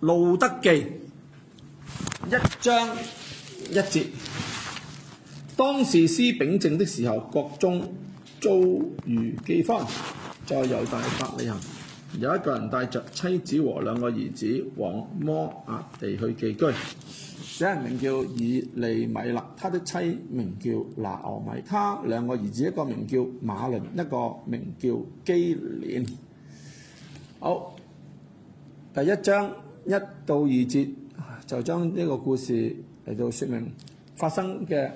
《路得記》一章一節，當士師秉政的時候，國中遭遇饑荒，在猶大伯利恆，有一個人帶著妻子和兩個兒子往摩押地去寄居。這人名叫以利米勒，他的妻名叫拿俄米他，他兩個兒子一個名叫馬倫，一個名叫基連。好，第一章。一到二節就將呢個故事嚟到説明發生嘅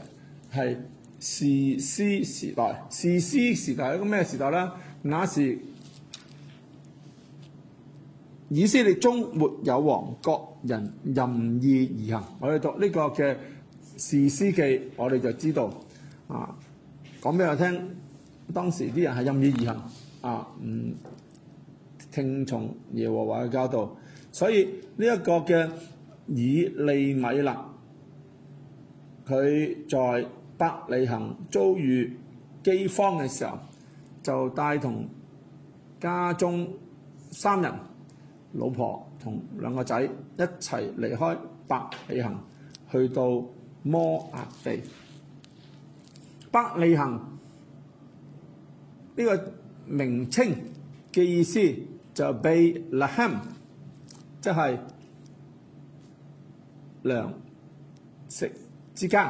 係士師時代。士師時代係一個咩時代咧？那時以色列中沒有王，國人任意而行。我哋讀呢個嘅士師記，我哋就知道啊，講俾我聽，當時啲人係任意而行啊，唔、嗯、聽從耶和華嘅教導。所以呢一個嘅以利米勒，佢在伯利恒遭遇饑荒嘅時候，就帶同家中三人、老婆同兩個仔一齊離開伯利恒，去到摩押地。伯利恒呢、這個名稱嘅意思就被壓即係糧食之間，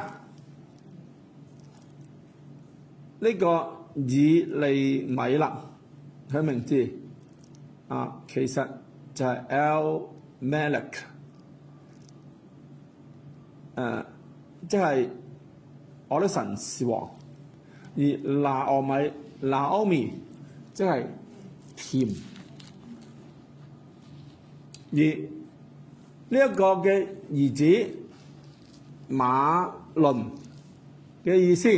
呢、這個以利米勒佢名字啊，其實就係 Elimelech、啊、即係我的神是王，而拿俄米、拿俄米即係甜。而呢一個嘅兒子馬倫嘅意思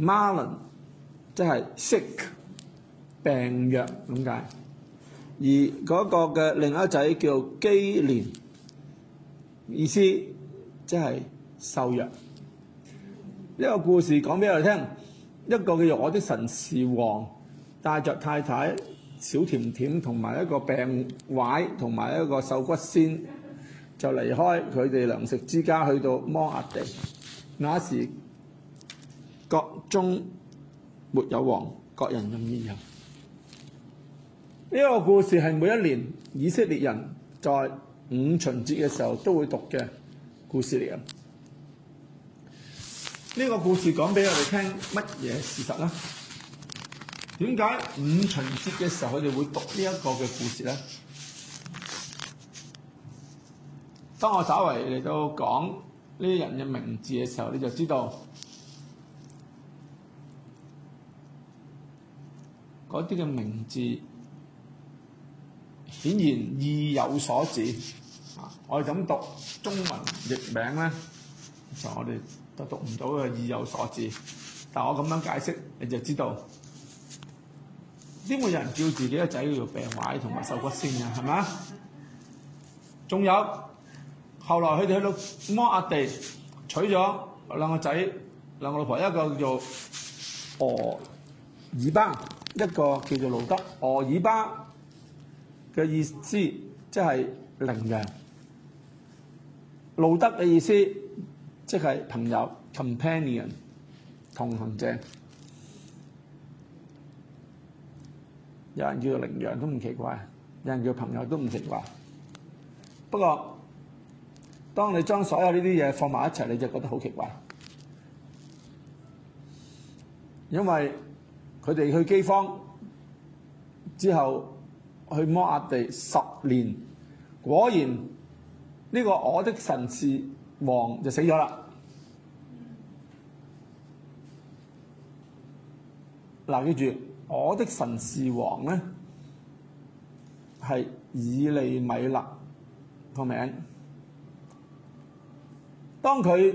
，Marlon 即係 sick 病弱，點解？而嗰個嘅另一仔叫基連，意思即係瘦弱。呢、這個故事講俾我哋聽，一個叫做我的神是王，帶着太太。小甜甜同埋一個病壞，同埋一個瘦骨仙就離開佢哋糧食之家，去到摩押地。那時國中沒有王，各人任意人。呢個故事係每一年以色列人在五旬節嘅時候都會讀嘅故事嚟嘅。呢、呢個故事講俾我哋聽乜嘢事實呢？點解五旬節嘅時候佢哋會讀呢一個嘅故事咧？當我稍為嚟到講呢啲人嘅名字嘅時候，你就知道嗰啲嘅名字顯然意有所指。啊，我哋咁讀中文譯名咧，其實我哋都讀唔到嘅意有所指。但係我咁樣解釋，你就知道。點會有人叫自己嘅仔叫做病歪同埋瘦骨仙嘅，係嘛？仲有後來佢哋喺度摩押地娶咗兩個仔兩個老婆，一個叫做俄爾巴，一個叫做路德。俄爾巴嘅意思即係羚羊，路德嘅意思即係朋友 （companion） 同行者。有人叫領養都唔奇怪，有人叫朋友都唔奇怪。我的神是王咧，係以利米勒個名。當佢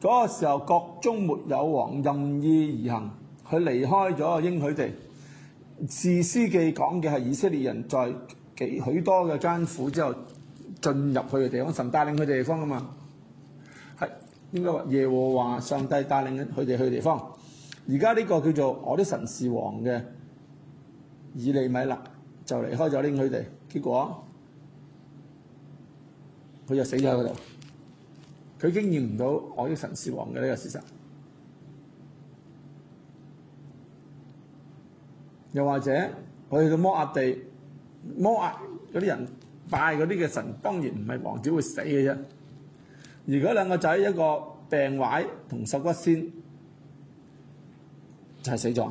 嗰個時候，國中沒有王，任意而行，佢離開咗應許地。士師記講嘅係以色列人在幾許多嘅艱苦之後進入去嘅地方，神帶領佢哋地方啊嘛，係應該話耶和華上帝帶領佢哋去嘅地方。.而家呢個叫做我啲神是王嘅以利米勒就離開咗拎佢哋，結果佢就死咗喺度。佢經驗唔到我啲神是王嘅呢個事實。又或者佢去到摩押地，摩押嗰啲人拜嗰啲嘅神，當然唔係王子會死嘅啫。如果兩個仔一個病壞同受骨仙。就係死咗。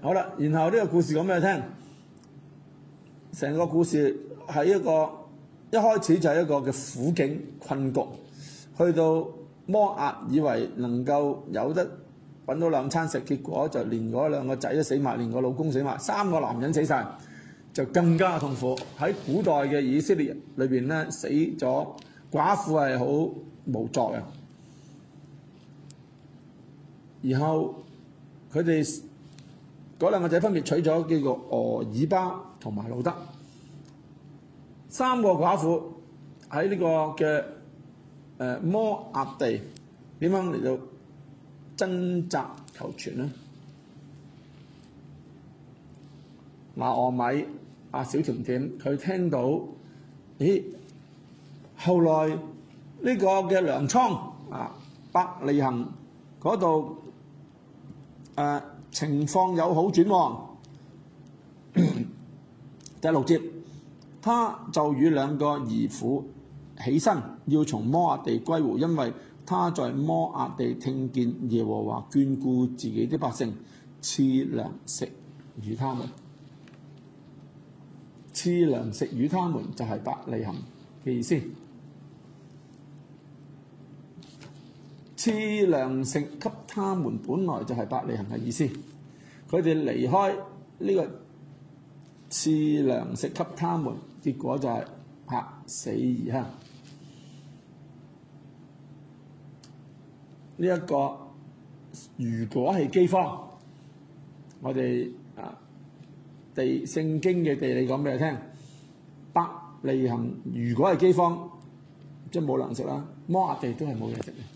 好啦，然後呢個故事講俾你聽，成個故事係一個一開始就係一個嘅苦境困局，去到摩押以為能夠有得揾到兩餐食，結果就連嗰兩個仔都死埋，連個老公死埋，三個男人死晒，就更加痛苦。喺古代嘅以色列裏邊咧，死咗寡婦係好無助嘅。然後佢哋嗰兩個仔分別娶咗叫做俄爾巴同埋路得，三個寡婦喺呢、這個嘅誒、呃、摩押地點樣嚟到掙扎求存呢？阿、啊、拿俄米、啊、小甜甜佢聽到咦？後來呢、這個嘅糧、這個、倉啊伯利恆嗰度。呃、情況有好轉喎、哦。第六節，他就與兩個兒婦起身，要從摩押地歸回，因為他在摩押地聽見耶和華眷顧自己的百姓，賜糧食與他們。賜糧食與他們就係伯利恆嘅意思。賜糧食給他們本來就係伯利恆嘅意思，佢哋離開呢個賜糧食給他們，結果就係吓死而香呢一個。如果係饑荒，我哋啊地聖經嘅地理講俾你聽，伯利恆如果係饑荒，即係冇糧食啦，摸下地都係冇嘢食嘅。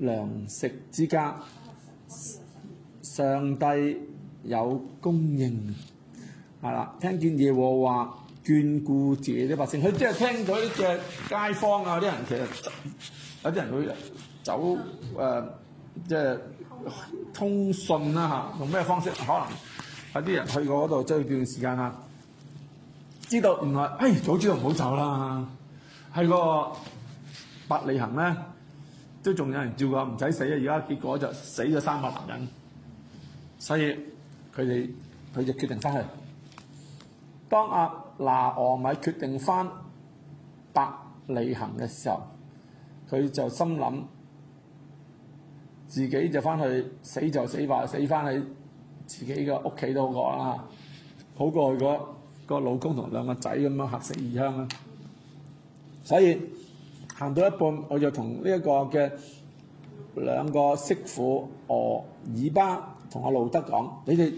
糧食之家，上帝有供應，係啦。聽見耶和華眷顧自己啲百姓，佢即係聽到呢隻街坊啊啲人，其實有啲人佢走誒，即、呃、係、就是、通訊啦嚇、啊，用咩方式啊？可能有啲人去過嗰度，即係段時間啊，知道原來誒早知道唔好走啦，喺個百里行咧。都仲有人照顧啊，唔使死啊！而家結果就死咗三個男人，所以佢哋佢就決定翻去。當阿拿俄米決定翻伯利恆嘅時候，佢就心諗自己就翻去死就死吧，死翻喺自己嘅屋企度好過啦，好過佢個老公同兩個仔咁樣客死異鄉啊！所以。行到一半，我就同呢一個嘅兩個媳婦俄珥巴同阿路得講，你哋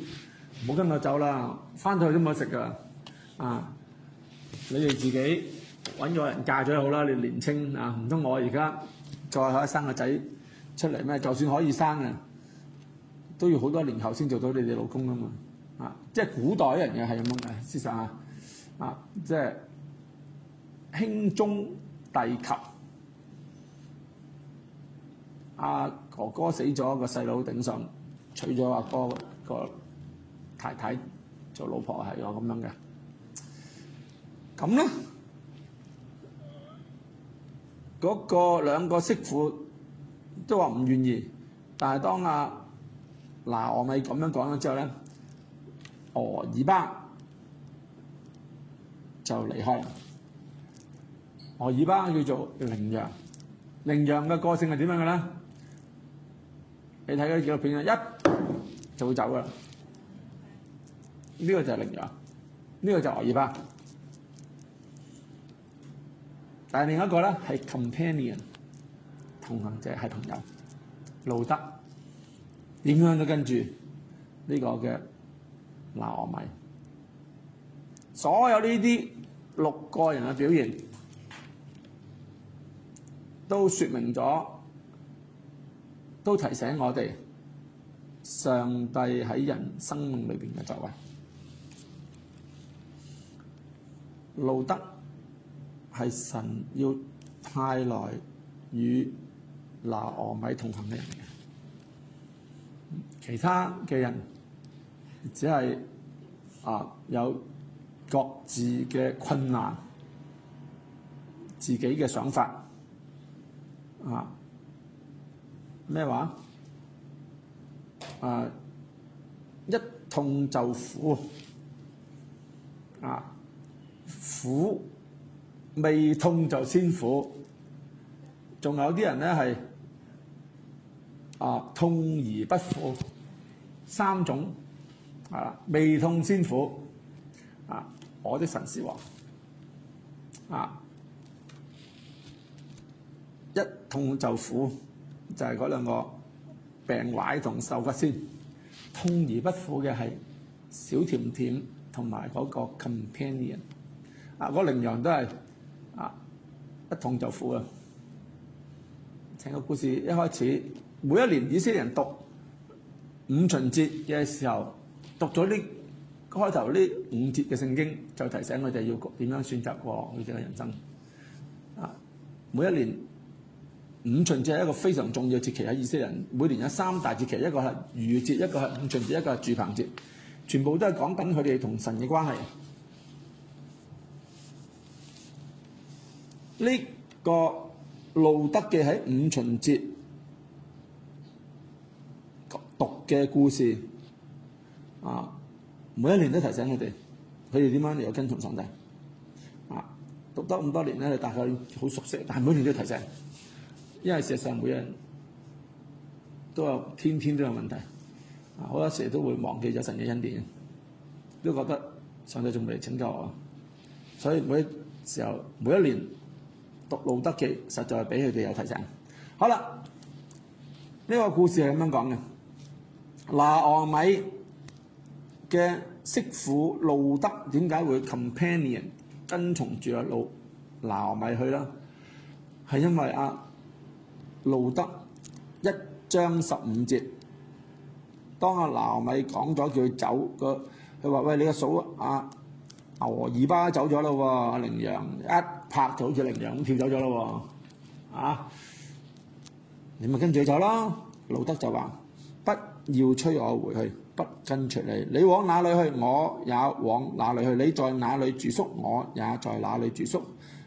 唔好跟我走啦，返去都冇得食㗎。啊！你哋自己揾咗人嫁咗好啦。你年青啊，唔通我而家再可以生個仔出嚟咩？就算可以生呀，都要好多年後先做到你哋老公啊嘛。啊，即係古代人又係咁嘅事實啊。啊，即係輕中。第級阿哥哥死咗，個細佬頂上娶咗阿哥個太太做老婆，係咁樣嘅。咁咧嗰個兩個媳婦都話唔願意，但係當阿拿俄米咁樣講咗之後咧，俄珥巴就離開。俄珥巴叫做羚羊，羚羊嘅個性係點樣嘅呢？你睇嗰啲紀錄片一就會走㗎喇。呢、這個就係羚羊，呢、這個就俄珥巴。但係另一個呢，係 companion 同行者係朋友，路、就是、得點樣都跟住呢、這個嘅拿俄米。所有呢啲六個人嘅表現。都説明咗，都提醒我哋上帝喺人生路裏邊嘅作為。路得係神要派來與拿俄米同行嘅人，其他嘅人只係啊有各自嘅困難，自己嘅想法。啊！咩話？啊！一痛就苦，啊苦未痛就先苦，仲有啲人咧係啊痛而不苦，三種係、啊、未痛先苦啊！我啲神師話啊。一痛就苦，就係嗰兩個病壞同瘦骨仙。痛而不苦嘅係小甜甜同埋嗰個 companion。啊，嗰羚羊都係啊，一痛就苦啊！成個故事一開始，每一年以色列人讀五旬節嘅時候，讀咗呢開頭呢五節嘅聖經，就提醒我哋要點樣選擇過完整嘅人生。啊，每一年。五旬節係一個非常重要嘅節期，喺以色列人每年有三大節期，一個係逾越節，一個係五旬節，一個係住棚節，全部都係講緊佢哋同神嘅關係。呢、這個路得記喺五旬節讀嘅故事啊，每一年都提醒佢哋，佢哋點樣嚟跟從上帝啊？讀得咁多年咧，大概好熟悉，但係每年都要提醒。因為事實上，每個人都有天天都有問題，好、啊、多時都會忘記咗神嘅恩典，都覺得上帝仲未嚟拯救我，所以每一時候每一年讀《路得記》，實在俾佢哋有提醒。好啦，呢、這個故事係咁樣講嘅。嗱，俄米嘅媳婦路得點解會 companion 跟從住阿路拿俄米去啦？係因為阿、啊路德一章十五節，當阿喇咪講咗叫佢走，佢佢話：喂，你個嫂啊！俄珥巴走咗啦喎，羚、啊、羊一拍就好似羚羊咁跳走咗啦喎，啊！你咪跟住佢走啦！路德就話：不要催我回去，不跟隨你。你往哪裏去，我也往哪裏去。你在哪裏住宿，我也在哪裏住宿。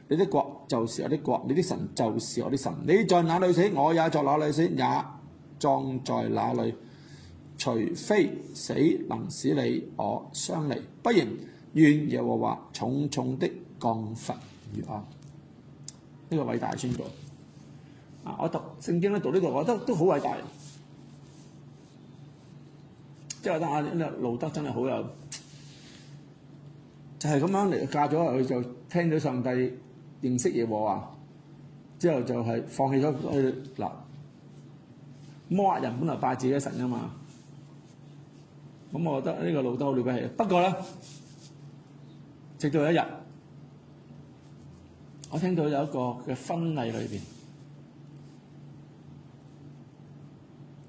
你的國就是我的國，你的神就是我的神。你在哪裏死，我也在哪裏死，也葬在哪裏。除非死能使你我相離，不然願耶和華重重的降罰與我。呢個偉大宣告。啊，我讀聖經咧讀呢度，我覺得都好偉大。即係我覺得阿路得真係好有，就係咁樣嚟嫁咗落去就聽到上帝。認識耶和華之後，就係放棄咗嗱摩亞人，本來拜自己嘅神啊嘛。咁我覺得呢個路得好了不起。不過咧，直到有一日，我聽到有一個嘅婚禮裏邊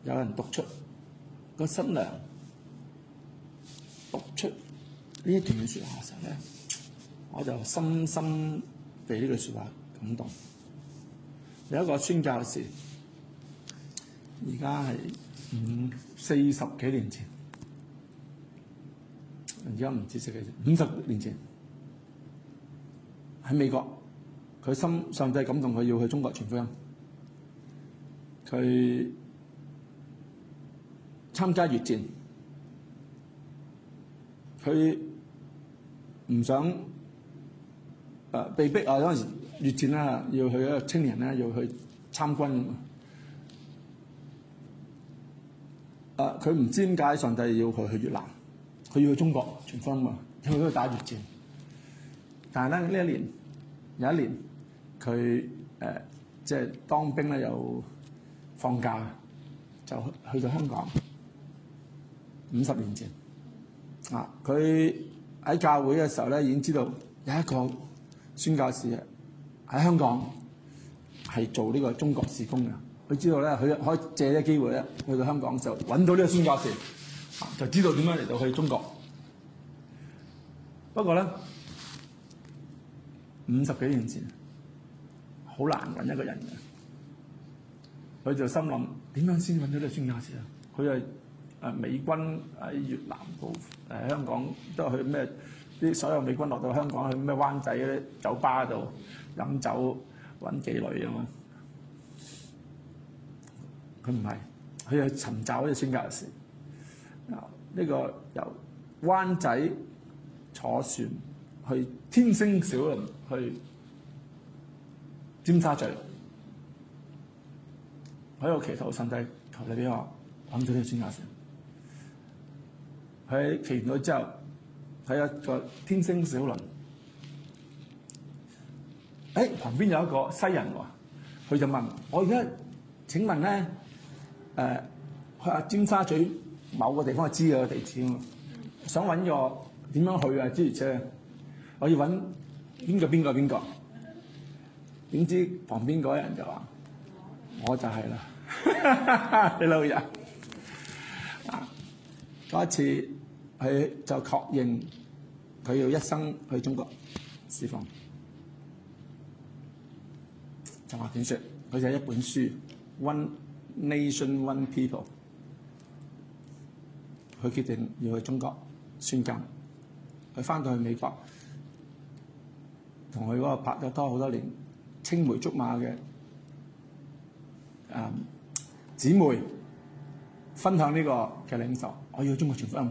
有人讀出、那個新娘讀出一段說呢段説話嘅時候咧，我就深深～被呢句説話感動，有一個宣教士，而家係五四十幾年前，而家唔知幾多年，五十年前喺美國，佢心上就係感動佢要去中國傳福音，佢參加越戰，佢唔想。誒被逼啊！嗰陣、啊、時越戰啦、啊，要去一個青年咧、啊、要去參軍啊。佢唔知點解上帝要佢去越南，佢要去中國全軍嘛，啊、要去嗰度打越戰。但係咧呢一年有一年佢誒、啊、即係當兵咧，又放假就去到香港，五十年前啊。佢喺教會嘅時候咧，已經知道有一個。孫教士喺香港係做呢個中國事工嘅。佢知道咧，佢可以借呢個機會咧，去到香港就揾到呢個孫教士，就知道點樣嚟到去中國。不過咧，五十幾年前好難揾一個人嘅。佢就心諗點樣先揾到呢個孫教士啊？佢係誒美軍喺越南部誒香港都係去咩？啲所有美軍落到香港，去咩灣仔嗰啲酒吧度飲酒、揾妓女咁樣，佢唔係，佢去尋找呢個孫教士。嗱、這、呢個由灣仔坐船去天星小輪去尖沙咀，喺度祈禱神帝，求你畀我揾到呢個孫教士。佢祈完咗之後。睇下個天星小輪，誒、欸、旁邊有一個西人喎，佢就問我而家請問咧，誒、呃、去阿尖沙咀某個地方，我知個地址啊嘛，想揾個點樣去啊？朱小姐，我要揾邊個邊個邊個？點知旁邊嗰人就話，我就係啦， 你老友啊！嗰一次佢就確認。佢要一生去中國侍奉，就話點説？佢就一本書，One Nation, One People。佢決定要去中國宣教，佢翻到去美國，同佢嗰個拍咗多好多年青梅竹馬嘅誒姊妹分享呢個嘅領受，我要去中國傳福音。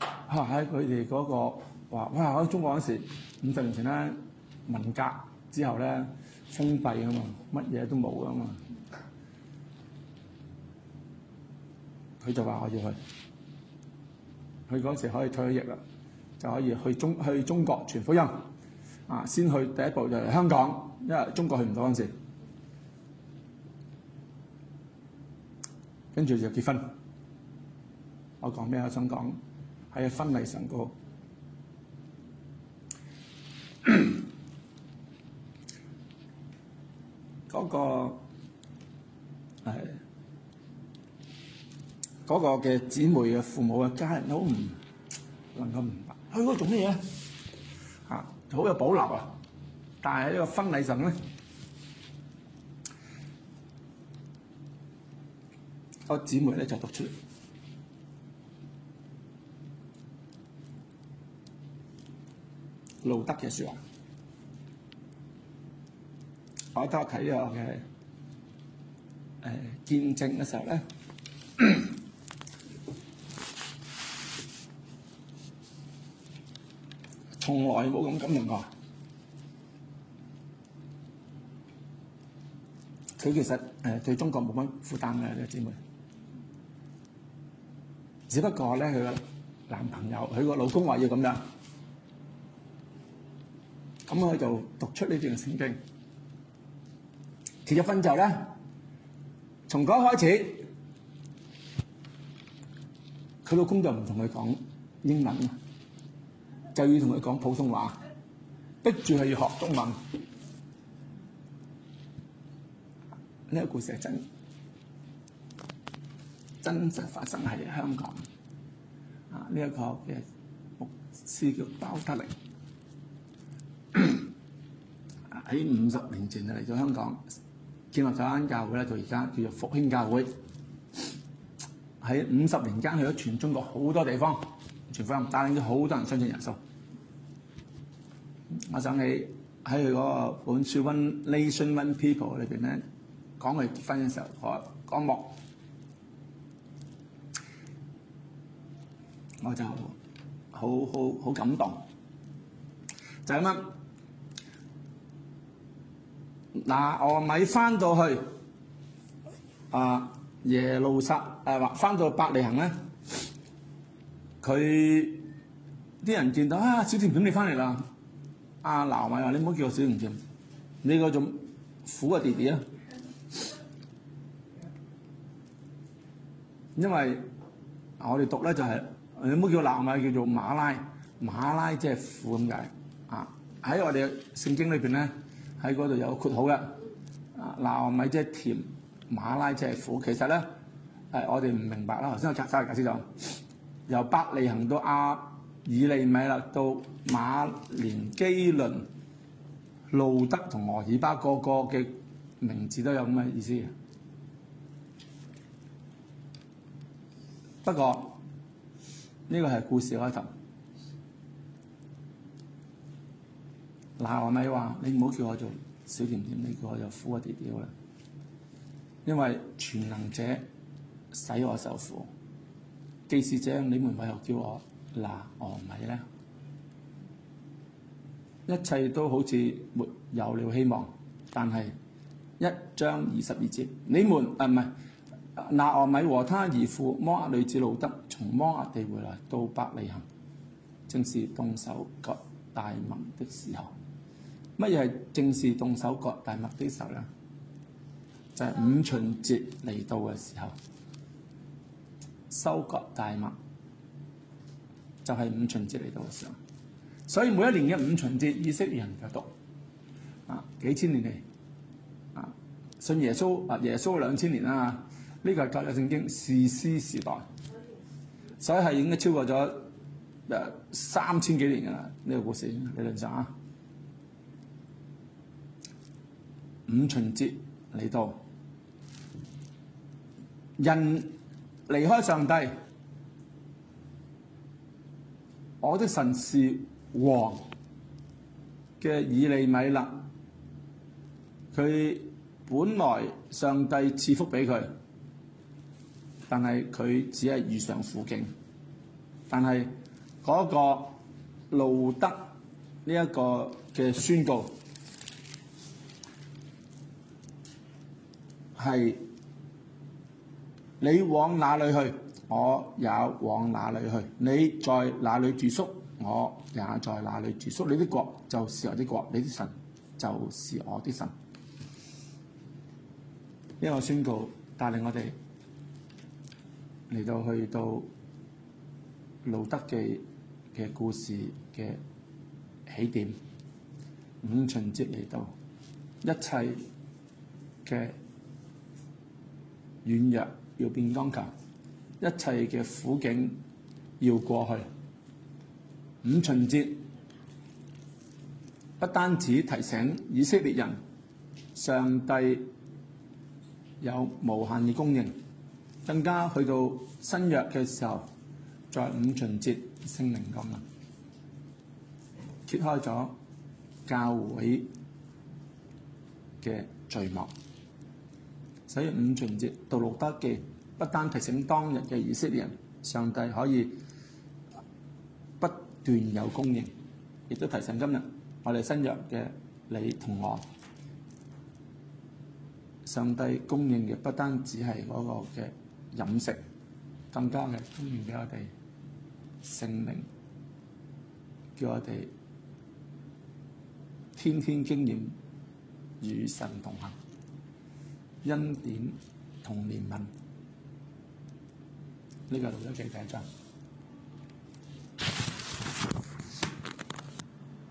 嚇喺佢哋嗰個。話哇！喺中國嗰時，五十年前咧，文革之後咧，封閉啊嘛，乜嘢都冇啊嘛。佢就話我要去，佢嗰時可以退咗役啦，就可以去中去中國傳福音啊。先去第一步就係香港，因為中國去唔到嗰時。跟住就結婚。我講咩啊？我想講喺婚禮上高。嗰、 那個嗰、那個嘅姊妹嘅父母嘅家人都唔能夠明白，去嗰度做咩嘢？嚇、啊，好有保留啊！但係呢、那個婚禮上咧，個姊妹咧就讀出。路得嘅説話，我當睇啊嘅誒見證嘅時候咧，從來冇咁感動過。佢其實誒對中國冇乜負擔嘅姐妹，只不過咧佢個男朋友，佢個老公話要咁樣。咁佢就讀出呢段聖經。結咗婚之後咧，從嗰一開始，佢老公就唔同佢講英文，就要同佢講普通話，逼住佢要學中文。呢個故事係真真實發生喺香港。啊，呢一個嘅牧師叫包德力。喺五十年前就嚟咗香港，建立咗一間教會咧，到而家叫做復興教會。喺五十年間，去咗全中國好多地方傳福音，帶領咗好多人增長人數。我想起喺佢嗰個本書《One Nation One People》裏邊咧，講佢結婚嘅時候，我剛幕，我就好好好感動，就咁樣。嗱、啊，我米翻到去啊耶路撒誒，翻、啊、到伯利恆咧，佢啲人見到啊，小甜甜，你翻嚟啦。阿鬧米話你唔好叫我小甜甜，你嗰種苦嘅弟弟啊，因為我哋讀咧就係、是、你唔好叫鬧米叫做馬拉馬拉，即係苦咁解啊，喺我哋聖經裏邊咧。喺嗰度有括號嘅，拿俄米即係甜，馬拉即係苦。其實咧，誒、哎、我哋唔明白啦。頭先我拆曬解釋咗由伯利恆到阿爾利米勒到馬連基倫、路德同俄珥巴，個個嘅名字都有咁嘅意思。不過呢個係故事開頭。拿俄米話：你唔好叫我做小甜甜，你叫我做苦嘅弟弟啦。因為全能者使我受苦，既是這樣，你們為何叫我？拿俄米咧，一切都好似沒有了希望。但係一章二十二節，你們唔係啊，拿俄米和他兒婦摩押女子路得從摩押地回嚟到伯利恆，正是動手割大麥的時候。乜嘢係正式動手割大麥的時候咧？就係、是、五旬節嚟到嘅時候，收割大麥就係、是、五旬節嚟到嘅時候。所以每一年嘅五旬節以色列人就讀啊，幾千年嚟啊，信耶穌啊，耶穌兩千年啦、啊，呢、這個係舊約聖經，士師時代，所以係已經超過咗誒、啊、三千幾年噶啦呢個故事，理論上啊。五旬節嚟到，人離開上帝，我的神是王嘅以利米勒，佢本來上帝賜福畀佢，但係佢只係遇上苦境，但係嗰個路得呢一個嘅宣告。係你往哪裏去，我也往哪裏去；你在哪裏住宿，我也在哪裏住宿。你的國就是我的國，你的神就是我的神。呢個宣告帶領我哋嚟到去到路得記嘅故事嘅起點。五旬節嚟到，一切嘅。軟弱要變剛強，一切嘅苦境要過去。五旬節不單止提醒以色列人，上帝有無限嘅供應，更加去到新約嘅時候，在五旬節聖靈降臨揭開咗教會嘅序幕。所以五旬節到路得記，不單提醒當日嘅以色列人，上帝可以不斷有供應，亦都提醒今日我哋新約嘅你同我，上帝供應嘅不單只係嗰個嘅飲食，更加嘅供應俾我哋性命，叫我哋天天經驗與神同行。恩典同憐憫。呢個係《路得記》第一章。